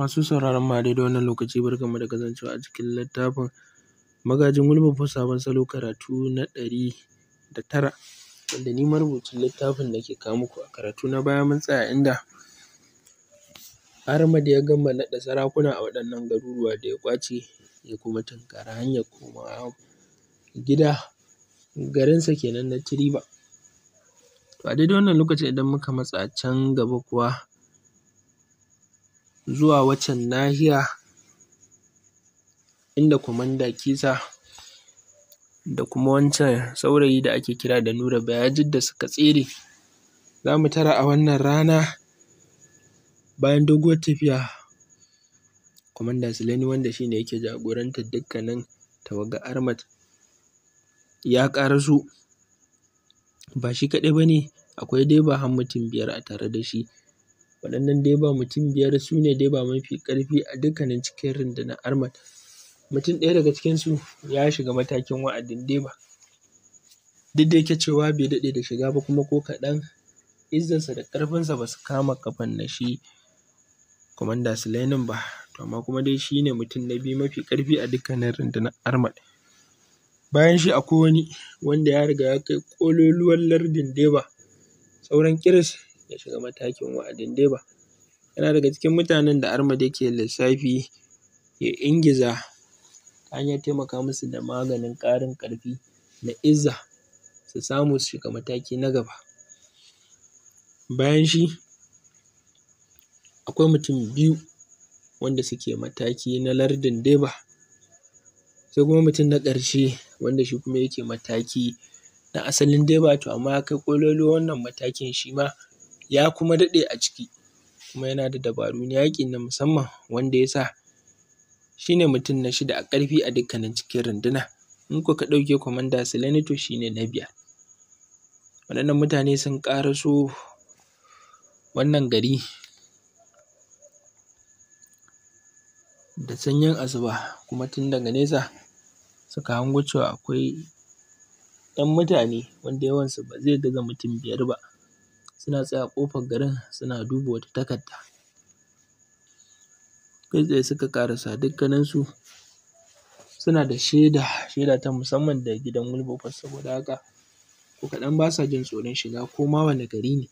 Masu sauraron mu a daidai wannan lokaci barkanmu da kasancewa a cikin littafin Magajin gulma ko sabon salo karatu na ɗari da tara wanda ni marubucin littafin ke kawo muku. A karatu na baya mun tsaya inda Ahmad ya gama naɗa sarakuna a waɗannan garuruwa da ya ƙwace ya kuma tunkari hanyar komawa gida garinsa kenan na Tiriba. To a daidai wannan lokacin idan muka matsa can gaba kuwa zuwa waccan nahiya inda Commander Kisa da kuma wancan saurayi da ake kira da Nura jidda suka tsere. Za mu tara a wannan rana bayan doguwar tafiya Kwamanda sulemi wanda shi ne yake jagorantar dukkanin tawaga Armat ya ƙaraso. Ba shi kaɗai bane, akwai dai ba mutum biyar a tare da shi. Waɗannan dai ba mutum biyar su ne dai ba mafi ƙarfi a dukkanin cikin rundunar Armed. Mutum ɗaya daga cikinsu ya shiga matakin wa'adin Deba. Duk da yake cewa bai daɗe da shiga ba kuma ko kaɗan izzarsa da ƙarfinsa ba su kama ƙafan na shi commander Sulainin ba. To amma kuma dai shi ne mutum na biyu mafi ƙarfi a dukkanin rundunar armad Bayan shi akwai wani wanda ya riga ya kai ƙololuwar lardin Deba. Sauran ƙiris ya shiga matakin wa'adin deba Yana daga cikin mutanen da ahmad yake lissafi ya ingiza ta hanyar taimaka musu da maganin ƙarin ƙarfi na izza su samu su shiga mataki na gaba. Bayan shi akwai mutum biyu wanda suke mataki na lardin deba sai kuma mutum na ƙarshe wanda shi kuma yake mataki na asalin deba to amma ya kai ƙololuwan wannan matakin shi ma ya kuma daɗe a ciki kuma yana da dabarun yaƙi na musamman wanda ya sa shi ne mutum na shida a ƙarfi a dukkanin cikin runduna. in ko ka ɗauke Kwamanda Sulaini to shi ne na biyar waɗannan mutane sun ƙaraso wannan gari da sanyin asuba kuma tun daga nesa suka hango cewa akwai ‘yan mutane wanda yawansu ba zai gaza mutum biyar ba suna tsaya ƙofar garin suna duba wata takarda kai tsaye suka ƙarasa su suna da shaida shaida ta musamman da gidan Wilberforce saboda haka ko kaɗan ba sa jin tsoron shiga ko ma wane gari ne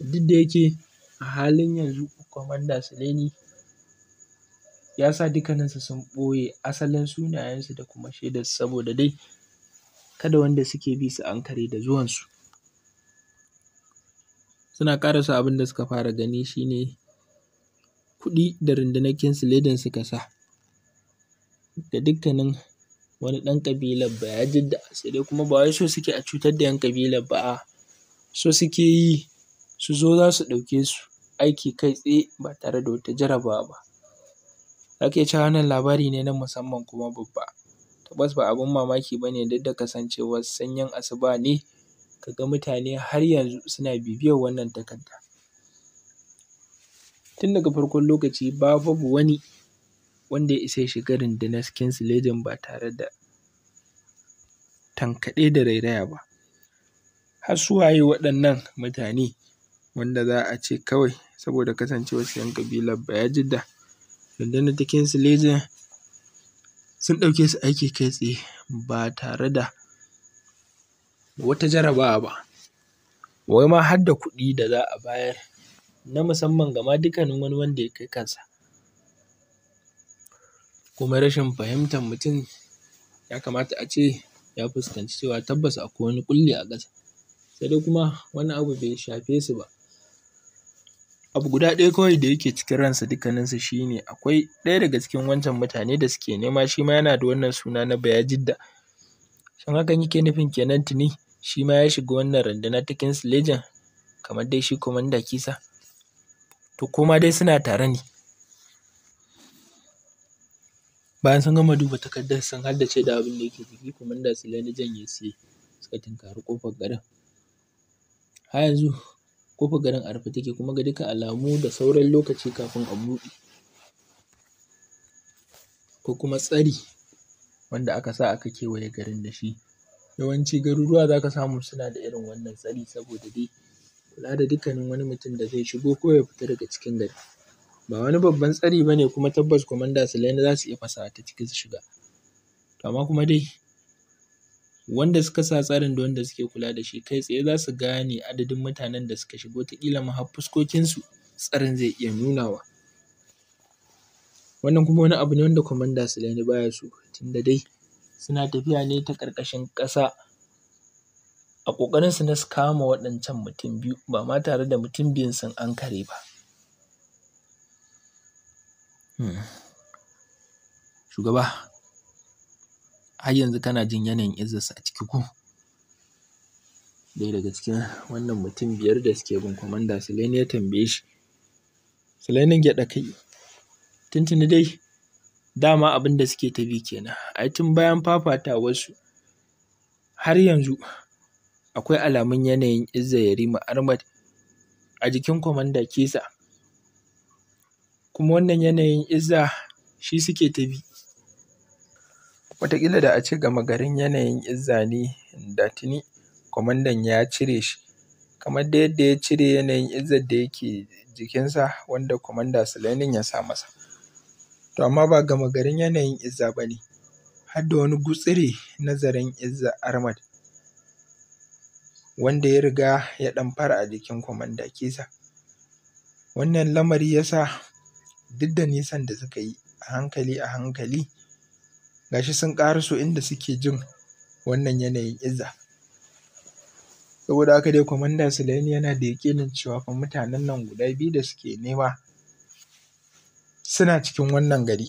duk da yake a halin yanzu Commander Suleini ya sa dukkaninsu sun ɓoye asalin sunayensu da kuma su saboda dai kada wanda suke bi su ankare da zuwansu Suna ƙarasa abin da suka fara gani shine kuɗi da rundunar Kinsileden suka sa da dukkanin wani ɗan ƙabilar Bayajidda sai dai kuma ba wai so suke a cutar da ‘yan ƙabilar ba a so suke yi su zo za su ɗauke su aiki kai tsaye ba tare da wata jarabawa ba. Za ka iya wannan labari ne na musamman kuma babba, tabbas ba abin mamaki ba ne duk da kasancewar sanyin asuba ne. ka ga mutane har yanzu suna bibiyar wannan takarda. Tun daga farkon lokaci babu wani wanda ya isa ya shiga rundunar Kinsilejin ba tare da tankaɗe da rairaya ba. Har su waye waɗannan mutane wanda za a ce kawai saboda kasancewarsu ‘yan ƙabilar Bayajidda rundunar ta Kinsilejin sun ɗauke su aiki kai tsaye ba tare da wata jarabawa ba wai ma har da kuɗi da za a bayar na musamman ga ma dukkanin wani wanda ya kai kansa kuma rashin fahimtar mutum ya kamata a ce ya fuskanci cewa tabbas akwai wani ƙulli a ƙasa sai dai kuma wani abu bai shafe su ba abu guda ɗaya kawai da yake cikin ransa dukkaninsu shi ne akwai ɗaya daga cikin wancan mutane da suke nema shi ma yana da wannan suna na bayajidda shin hakan yake nufin kenan tuni shi ma ya shiga wannan runduna ta Kings Legion kamar dai shi Commander Kisa. To koma dai suna tare ne. Bayan sun gama duba takardar sun haddace da abin da yake ciki Commander Sule ya sai suka tunkari ƙofar garin. Har yanzu ƙofar garin a rufe take kuma ga duka alamu da sauran lokaci kafin a buɗe. Ko kuma tsari wanda aka sa aka kewaye garin da shi. Yawanci garuruwa za ka samu suna da irin wannan tsari saboda dai kula da dukkanin wani mutum da zai shigo ko ya fita daga cikin gari. Ba wani babban tsari ba ne kuma tabbas kwamanda Sule za su iya fasawa ta ciki su shiga. To amma kuma dai wanda suka sa tsarin da wanda suke kula da shi kai tsaye za su gane adadin mutanen da suka shigo ƙila ma har su tsarin zai iya nunawa. Wannan kuma wani abu ne wanda kwamanda Sule baya so tunda dai suna tafiya ne ta ƙarƙashin ƙasa a ƙoƙarinsu na su kama waɗancan mutum biyu ba ma tare da mutum biyun sun ankare ba. Hmm. Shugaba, har yanzu kana jin yanayin su a ciki ko? Ɗaya daga cikin wannan mutum biyar da suke bin kwamanda su, ne ya tambaye shi. Sule ya ningyyaɗa kai, tuntuni dai dama abin da suke ta bi kenan ai tun bayan fafata wasu, har yanzu akwai alamun yanayin Izza Yarima Ahmad a jikin Kwamanda Kesa kuma wannan yanayin Izza shi suke ta bi wataƙila da a ce gama garin yanayin Izza ne da tuni kwamandan ya cire shi kamar da yadda ya cire yanayin Izzar da yake jikinsa wanda kwamanda Sulainin ya sa masa To amma ba gama garin yanayin Izza ba ne, har da wani gutsiri na zaren Izza armad wanda ya riga ya ɗan fara a jikin Kwamanda Kesa. Wannan lamari ya sa duk da nisan da suka yi a hankali a hankali Ga shi sun ƙara ƙaraso inda suke jin wannan yanayin Izza. Saboda haka dai Kwamanda Sulaim yana da yaƙinin cewa fa mutanen nan guda biyu da suke nema suna cikin wannan gari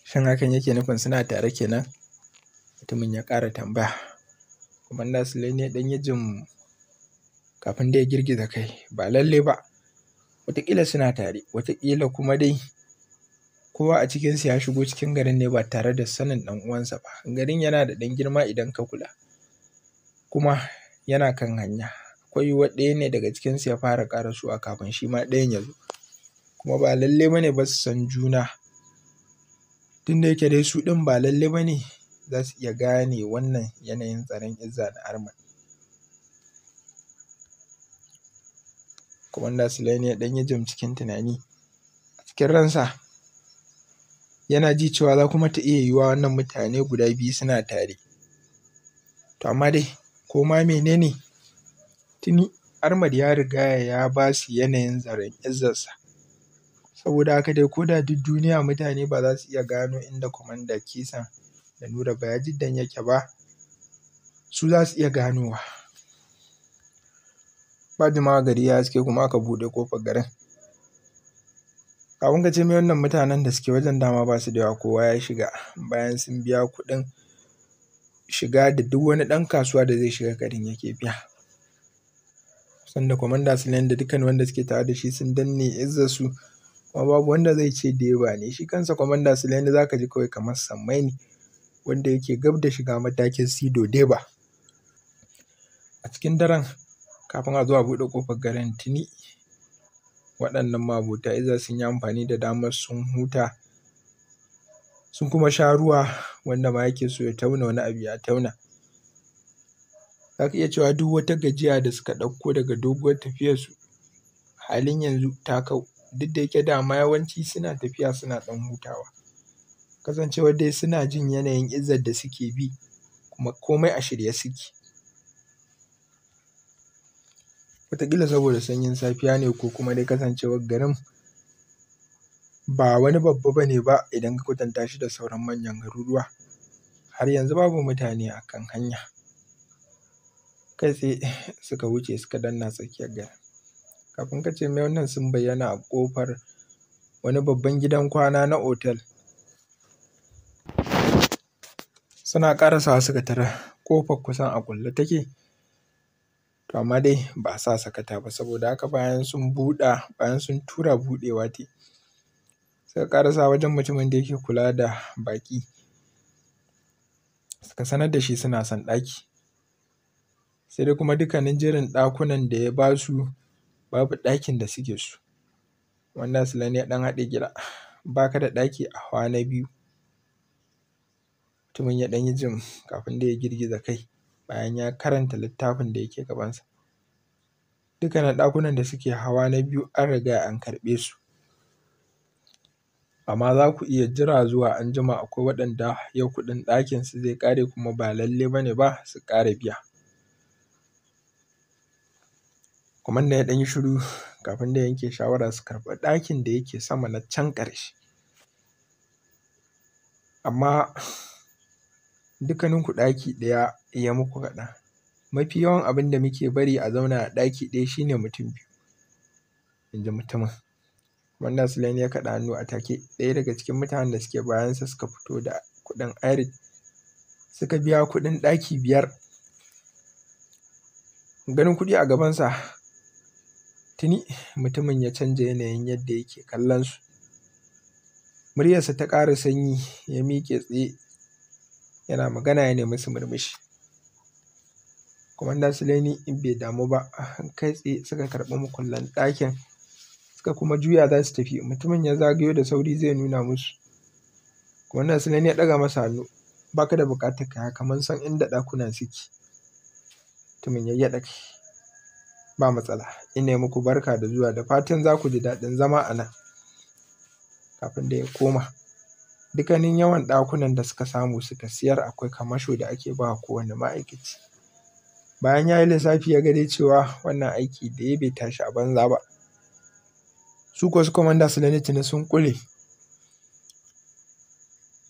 shin hakan yake nufin suna tare kenan mutumin ya ƙara tambaya kuma su ne ɗan ya jin kafin da ya girgiza kai ba lalle ba wataƙila suna tare wataƙila kuma dai kowa a cikinsu ya shigo cikin garin ne ba tare da sanin ɗan uwansa ba garin yana da ɗan girma idan ka kula kuma yana kan hanya akwai yiwuwar ɗaya ne daga cikinsu ya fara ƙarasowa kafin shi ma ɗayan ya zo kuma ba lalle ba ne ba su san juna. Tun da yake dai su ɗin ba lalle ba ne za su iya gane wannan yanayin tsaron Izza da da Kwamanda Sulaini ya ɗan yi jim cikin tunani a cikin ransa. Yana ji cewa za kuma ta iya yiwuwa wannan mutane guda biyu suna tare. To amma dai ko ma menene tuni Ahmad ya riga ya ba su yanayin tsaron Izzarsa. Saboda haka dai ko da duk duniya mutane ba za su iya gano inda Kwamandan Kisan da Nura Bayajiddan yake ba, su za su iya ganowa. Ba jimawa gari ya haske kuma aka buɗe ƙofar garin. Kafin ka ce mai wannan mutanen da suke wajen dama ba su da yawa kowa ya shiga bayan sun biya kuɗin shiga da duk wani ɗan kasuwa da zai shiga garin yake biya. Sanda Commander Sulaim da dukkan wanda suke tare da shi sun danne izzarsu Kuma babu wanda zai ce da direba ne. Shi kansa kwamanda Sule za ji kawai kamar sammai ne wanda yake gab da shiga matakin Sido Deba. A cikin daren kafin a zo a buɗe kofar garin tuni waɗannan ma'abota iza sun yi amfani da damar sun huta sun kuma sha ruwa wanda ma yake so ya tauna wani abu ya tauna. zaka iya cewa duk wata gajiya da suka ɗauko daga doguwar tafiyarsu halin yanzu ta kau. duk da yake dama yawanci suna tafiya suna ɗan hutawa. Kasancewar dai suna jin yanayin izzar da suke bi kuma komai a shirye suke. Wataƙila saboda sanyin safiya ne ko kuma dai kasancewar garin ba wani babba ba ne ba idan ka kwatanta shi da sauran manyan garuruwa. Har yanzu babu mutane a kan hanya. Kai tsaye suka wuce suka danna tsakiyar garin. Kafin ka ce mai wannan sun bayyana a ƙofar wani babban gidan kwana na otal. Suna ƙarasawa suka tara ƙofar kusan a kulle take. To amma dai ba a sa sakata ba saboda haka bayan sun buɗa, bayan sun tura buɗewa tai. Suka ƙarasa wajen mutumin da yake kula da baƙi. Suka sanar da shi suna son ɗaki. Sai dai kuma dukkanin jerin ɗakunan da ya ba su babu ɗakin da suke so. Wannan su ne ɗan haɗe gida. Ba ka da ɗaki a na biyu. Mutumin ya ɗan yi jin kafin da ya girgiza kai bayan ya karanta littafin da yake gabansa. Dukkanin ɗakunan da suke hawa na biyu an riga an karɓe su. Amma za ku iya jira zuwa anjima akwai waɗanda yau kuɗin ɗakin su zai ƙare kuma ba lalle ba ne ba su ƙara biya. Kwamandan ya ɗan yi shiru kafin da ya yanke shawara su karɓi ɗakin da yake sama na can ƙarshe. Amma dukkaninku ɗaki ɗaya ya muku kaɗan. Mafi yawan abin da muke bari a zauna a ɗaki ɗaya shine mutum biyu, in ji mutumin. Kwamandan Sulaiman ya kaɗa hannu a take. Ɗaya daga cikin mutanen da suke bayansa suka fito da kuɗin Arid suka biya kuɗin ɗaki biyar. Ganin kuɗi a gabansa Tuni mutumin ya canza yanayin yadda yake kallon su. Muryarsa ta ƙara sanyi, ya miƙe tsaye, yana magana ya nemi su murmushi. Kwamandan in bai damu ba, kai tsaye suka karɓi mukullan ɗakin suka kuma juya za su tafi. Mutumin ya zagayo da sauri zai nuna musu. Kwamandan suleni ya ɗaga masa hannu, ba ka da buƙatar ka haka mun san inda ɗakunan suke. Mutumin ya yi ba matsala ina muku barka da zuwa da fatan za ku ji daɗin zama a nan kafin da ya koma dukkanin yawan ɗakunan da suka samu suka siyar akwai kamasho da ake ba kowane ma'aikaci bayan ya yi lissafi ya ga cewa wannan aiki da ya bai tashi a banza ba su kuwa su su na sun kule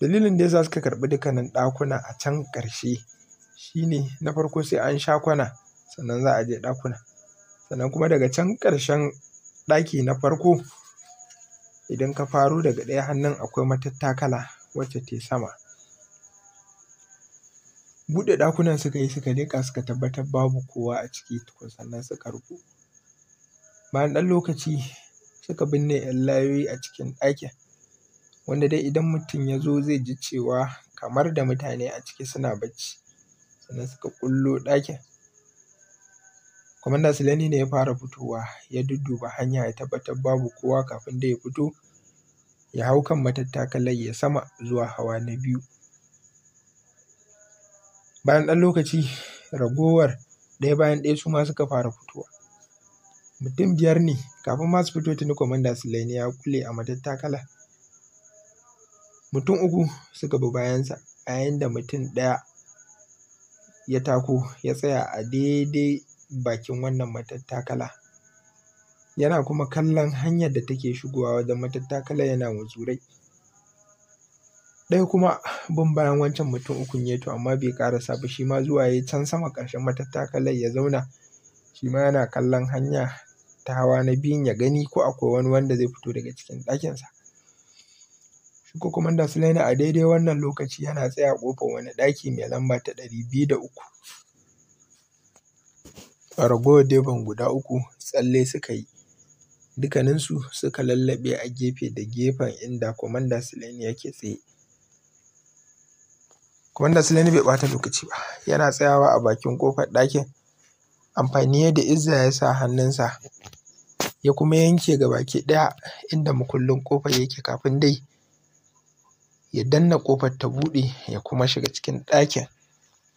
dalilin da yasa suka karɓi dukkanin ɗakuna a can ƙarshe shine na farko sai an sha kwana sannan za a je ɗakuna Sannan kuma daga can ƙarshen ɗaki na farko idan ka faro daga ɗaya hannun akwai matattakala wacce tayi sama. Buɗe ɗakunan suka yi suka leƙa suka tabbatar babu kowa a ciki tukun sannan suka rufe. Bayan ɗan lokaci suka binne ƴan layoyi a cikin ɗakin wanda dai idan mutum ya zo zai ji cewa kamar da mutane a ciki suna bacci sannan suka ƙullo ɗakin. Kwamandan Sani ne ya fara fitowa, ya dudduba hanya ya tabbatar babu kowa kafin da ya fito ya hau kan matattakalai ya sama zuwa hawa na biyu. Bayan ɗan lokaci ragowar ɗaya bayan ɗaya su ma suka fara fitowa. Mutum biyar ne kafin ma su fito tuni Kwamandan Sulaini ya ƙule a matattakala. Mutum uku suka bi bayansa a yayin da mutum ɗaya ya tako ya tsaya a daidai bakin wannan matattakala yana kuma kallon hanyar da take shigowa wajen matattakala yana mutsurai ɗaya kuma bin bayan wancan mutum ukun ya to amma bai ƙarasa ba shi ma zuwa ya can sama ƙarshen matattakalar ya zauna shi yana kallon hanya ta hawa na biyun ya gani ko akwai wani wanda zai fito daga cikin ɗakinsa shi ko kuma da a daidai wannan lokaci yana tsaya a ƙofar wani ɗaki mai lamba ta ɗari biyu da uku Ragowar Deban guda uku tsalle suka yi, dukaninsu suka lallaɓe a gefe da gefen inda kwamandan Sulaimani yake tsaye. Kwamandan Sulaimani bai ɓata lokaci ba, yana tsayawa a bakin ƙofar ɗakin, amfani da Izza ya sa hannunsa ya kuma yanke ga baki ɗaya inda makullin ƙofar yake kafin dai ya danna ƙofar ta buɗe ya kuma shiga cikin ɗakin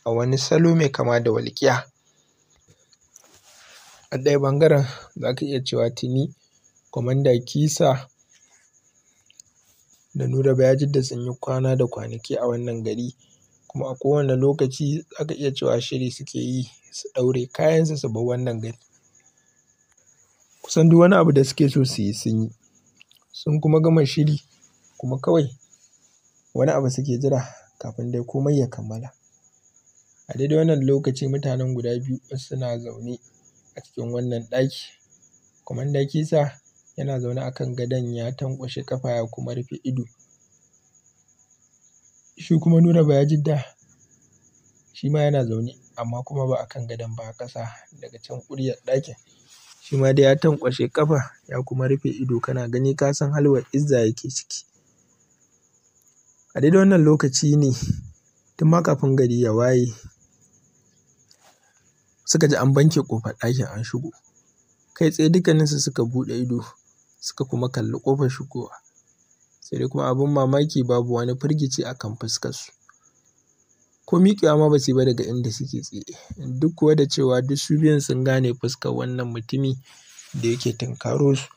a wani salo mai kama da walƙiya. A ɗaya ɓangaren za ka iya cewa tuni Kwamanda Kisa da Nura Bayajidda sun yi kwana da kwanaki a wannan gari, kuma a kowane lokaci za ka iya cewa shiri suke yi su ɗaure kayansu su bar wannan gari. Kusan duk wani abu da suke so su yi sun yi, sun kuma gama shiri kuma kawai wani abu suke jira kafin dai komai ya kammala. A daidai wannan lokaci mutanen guda biyu suna zaune. a cikin wannan ɗaki. Kwamandan kisa yana zaune a kan gadon ya tanƙwashe ƙafa ya kuma rufe ido. Shi kuma Nura Bayajidda shi ma yana zaune amma kuma ba a kan gadon ba a ƙasa daga can ƙuryar ɗakin. Shi ma dai ya tanƙwashe ƙafa ya kuma rufe ido kana gani ka san halwar Izza yake ciki. A daidai wannan lokaci ne tun ma kafin gari ya waye suka ji an banke ƙofar ɗakin an shigo. Kai tsaye dukkaninsu suka buɗe ido suka kuma kalli ƙofar shigowa. Sai dai kuma abin mamaki babu wani firgici a kan fuskarsu. Ko miƙewa ma ba su yi ba daga inda suke tsaye. Duk kuwa da cewa duk su biyun sun gane fuskar wannan mutumi da yake tunkaro su.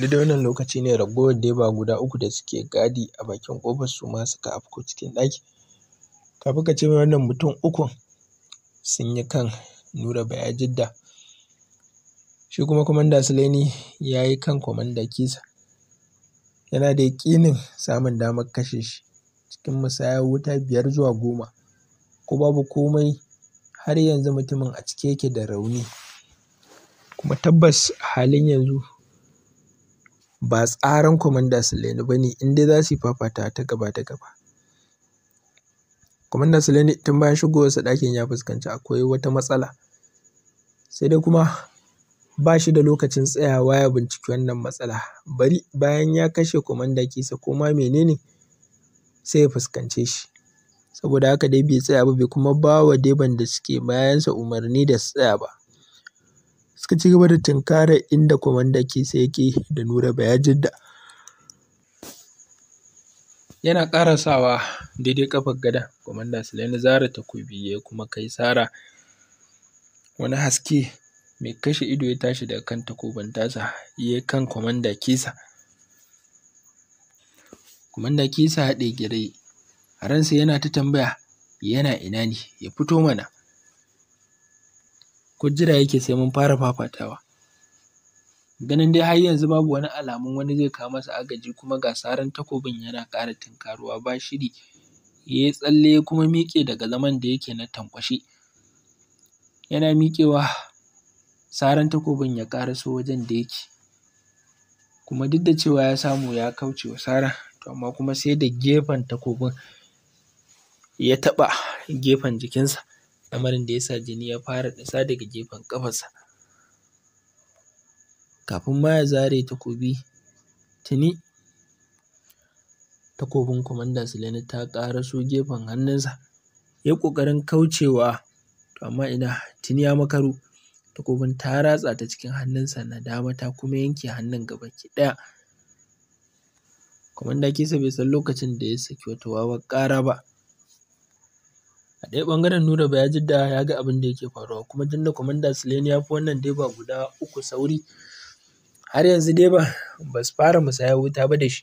Duk da wannan lokaci ne ragowar deba guda uku da suke gadi a bakin ƙofar su ma suka afko cikin ɗakin. Kafin ka ce mai wannan mutum ukun sun yi kan Nura Bayajidda. Shi kuma Kwamanda Sulaini yayi kan Kwamanda Kisa. Yana da yaƙinin samun damar kashe shi cikin musayar wuta biyar zuwa goma. Ko babu komai har yanzu mutumin a cike yake da rauni. Kuma tabbas a halin yanzu ba tsaran Kwamanda Sulaini ba ne in yi fafatawa ta gaba da gaba. Kwamandan Sule tun bayan shigowarsa ɗakin ya fuskanci akwai wata matsala, sai dai kuma ba shi da lokacin tsayawa ya binciki wannan matsala. Bari bayan ya kashe Kwamandan kisa ko ma mene sai ya fuskance shi. Saboda haka dai bai tsaya ba bai kuma ba wa Deban da suke bayansa umarni da su tsaya ba. Suka ci gaba da tunkarar inda Kwamandan kisa yake da Nura Bayajidda. Yana ƙara sawa daidai ƙafar gadon Kwamandan Sulaim na zare takobi ya kuma kai sara. Wani haske mai kashe ido ya tashi daga kan takobin tasa ya kan komanda Kisa. komanda Kisa ya ɗegira a ransa yana ta tambaya yana ina ne, ya fito mana, kujira yake sai mun fara fafatawa. ganin dai har yanzu babu wani alamun wani zai kawo masa agaji kuma ga saran takobin yana ƙara tinkaruwa ba shiri ya yi tsalle ya kuma miƙe daga zaman da yake na tankwashe. yana miƙewa saran takobin ya ƙaraso wajen da yake kuma duk da cewa ya samu ya kauce wa saran to amma kuma sai da gefen takobin ya taɓa gefen jikinsa lamarin da ya sa jini ya fara ɗasa daga gefen ƙafarsa Kafin ma ya zare takobi tuni takobin Kwamandan Suleini ta ƙaraso gefen hannunsa, ya yi ƙoƙarin kaucewa to amma ina tuni ya makaru. takobin ta ratsa ta cikin hannunsa na dama ta kuma yanke hannun gabaki ɗaya. Kwamanda Kisa bai san lokacin da ya saki wata wawa ƙara ba. A ɗaya ɓangaren Nura ba ya ya ga abin da yake faruwa kuma tunda Kwamandan Suleini ya fi wannan Deba guda uku sauri har yanzu dai ba ba su fara musayar wuta ba da shi.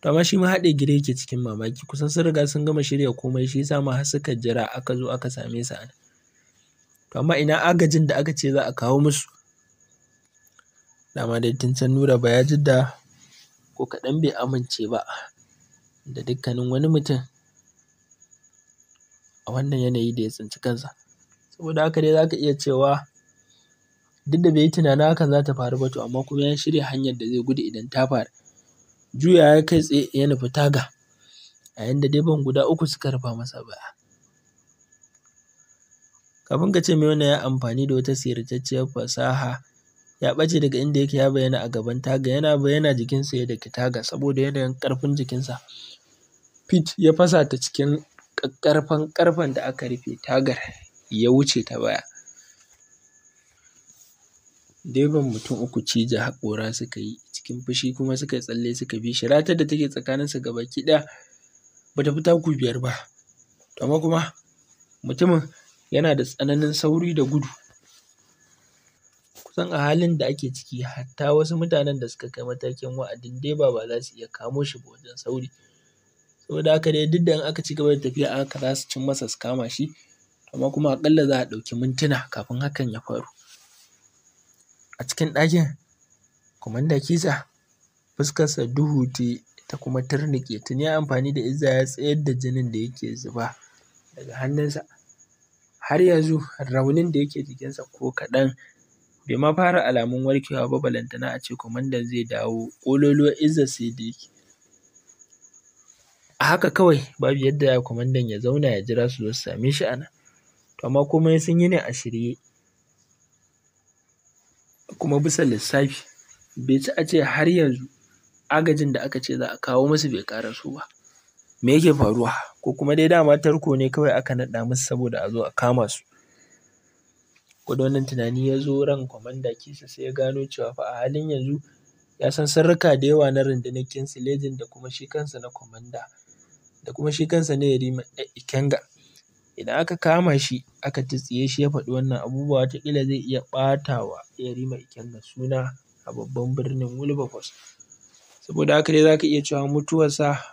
To amma shi ma haɗe gida yake cikin mamaki kusan sun riga sun gama shirya komai shi ya sa ma har suka jira aka zo aka same su a To amma ina agajin da aka ce za a kawo musu? Dama dai tun can Nura ba ya jidda ko kaɗan bai amince ba da dukkanin wani mutum a wannan yanayi da ya tsinci kansa. Saboda haka dai za ka iya cewa Duk da bai yi tunanin hakan za ta faru ba to amma kuma ya shirya hanyar da zai gudu idan ta faru. Juya ya kai tsaye ya nufi taga yanda dai ban guda uku suka rufa masa baya. Kafin ka ce mai wannan ya amfani da wata siyartacciyar fasaha ya ɓace daga inda yake ya bayyana a gaban taga yana bayyana jikinsa ya daki taga saboda yanayin ƙarfin jikinsa. Fit ya fasa ta cikin ƙaƙƙarfan ƙarfen da aka rufe tagar ya wuce ta baya. Direban mutum uku cije ƙura suka yi cikin fushi kuma suka yi tsalle suka bi shi. Ratar da take su gabaki ɗaya ba ta fi taku biyar ba. To amma kuma mutumin yana da tsananin sauri da gudu. Kusan a halin da ake ciki hatta wasu mutanen da suka kai matakin wa'adin direba ba za su iya kamo shi ba wajen sauri. Saboda haka dai duk da in aka cigaba da tafiya a haka za su cin masa su kama shi. Amma kuma aƙalla za a ɗauki mintuna kafin hakan ya faru. A cikin ɗakin, Kwamanda Kisa, fuskarsa duhu ce ta kuma turnuƙe, tuni ya amfani da izza ya tsayar da jinin da yake zuba daga hannunsa. Har yanzu raunin da yake jikinsa ko kaɗan bai ma fara alamun warkewa ba balantana a ce kwamandan zai dawo ƙololuwar sai da yake. A haka kawai babu yadda ya kwamandan ya zauna ya jira su zo su same shi a nan, to amma komai sun yi ne a shirye. kuma bisa lissafi bai ci a ce har yanzu agajin da aka ce za a kawo masu bai su ba me yake faruwa ko kuma dai dama tarko ne kawai aka naɗa musu saboda a zo a kama su ko tunani ya zo ran kwamanda kisa sai ya gano cewa fa a halin yanzu ya san sirrika da yawa na rundunar lejin da kuma shi kansa na kwamanda da kuma shi kansa na yarima eh, ikenga idan aka kama shi aka tutsiye shi ya faɗi wannan abubuwa ƙila zai iya ɓata wa mai Ikenga suna a babban birnin Wilberforce. Saboda haka dai za ka iya cewa mutuwarsa